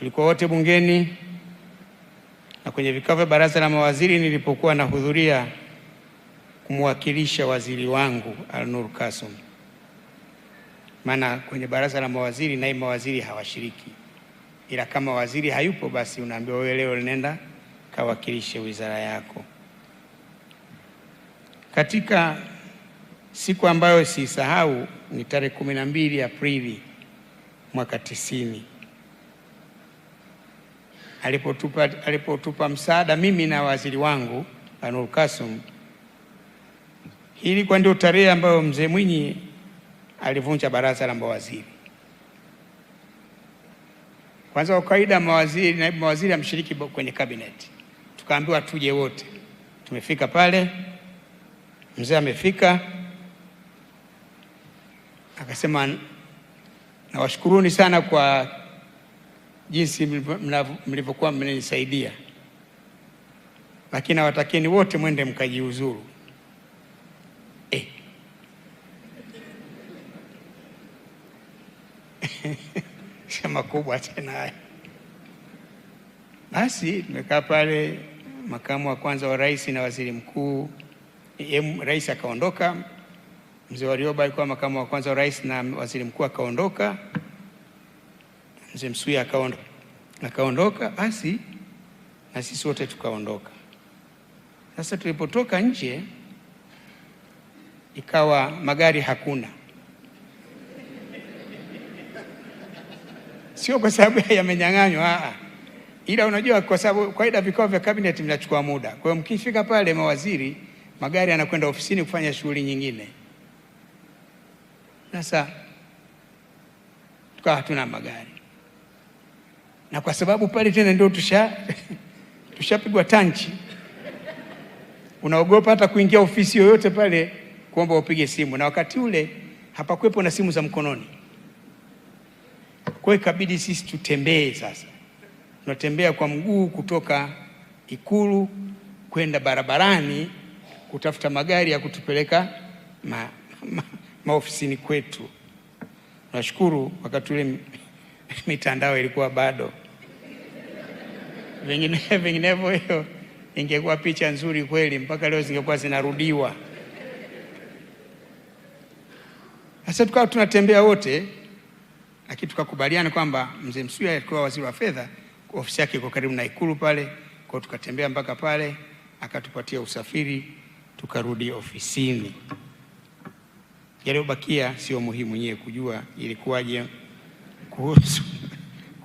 Tulikuwa wote bungeni na kwenye vikao vya baraza la mawaziri nilipokuwa nahudhuria kumwakilisha waziri wangu Alnur Kasum, maana kwenye baraza la mawaziri naye mawaziri hawashiriki, ila kama waziri hayupo, basi unaambiwa wewe leo nenda kawakilishe wizara yako. Katika siku ambayo siisahau ni tarehe kumi na mbili Aprili mwaka tisini alipotupa, alipotupa msaada mimi na waziri wangu Anur Kasum. Hii ilikuwa ndio tarehe ambayo mzee Mwinyi alivunja baraza la mawaziri. Kwanza kwa kawaida mawaziri, naibu mawaziri amshiriki kwenye kabineti, tukaambiwa tuje wote. Tumefika pale, mzee amefika akasema, nawashukuruni sana kwa jinsi mlivyokuwa mmenisaidia, lakini nawatakieni wote mwende mkajiuzuru. Eh. Sema kubwa tena haya. Basi tumekaa pale, makamu wa kwanza wa rais na waziri mkuu rais akaondoka, mzee Warioba alikuwa makamu wa kwanza wa rais na waziri mkuu akaondoka, mzee Msuya akaondoka. Akaondoka basi na sisi wote tukaondoka. Sasa tulipotoka nje, ikawa magari hakuna, sio kwa sababu yamenyang'anywa, ah, ah. ila unajua, kwa sababu kawaida vikao vya kabineti vinachukua muda. Kwa hiyo mkifika pale mawaziri, magari yanakwenda ofisini kufanya shughuli nyingine. Sasa tukawa hatuna magari na kwa sababu pale tena ndio tusha tushapigwa tanchi, unaogopa hata kuingia ofisi yoyote pale kuomba upige simu, na wakati ule hapakuwepo na simu za mkononi. Kwa ikabidi sisi tutembee. Sasa tunatembea kwa mguu kutoka Ikulu kwenda barabarani kutafuta magari ya kutupeleka maofisini ma, ma kwetu. Nashukuru wakati ule mitandao ilikuwa bado, vinginevyo hiyo ingekuwa picha nzuri kweli, mpaka leo zingekuwa zinarudiwa. Sasa tukawa tunatembea wote, lakini tukakubaliana kwamba mzee Msuya alikuwa waziri wa fedha, ofisi yake iko karibu na Ikulu pale kwao, tukatembea mpaka pale, akatupatia usafiri tukarudi ofisini. Yaliyobakia sio muhimu nyewe kujua ilikuwaje. kuhusu,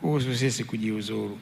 kuhusu sisi kujiuzuru.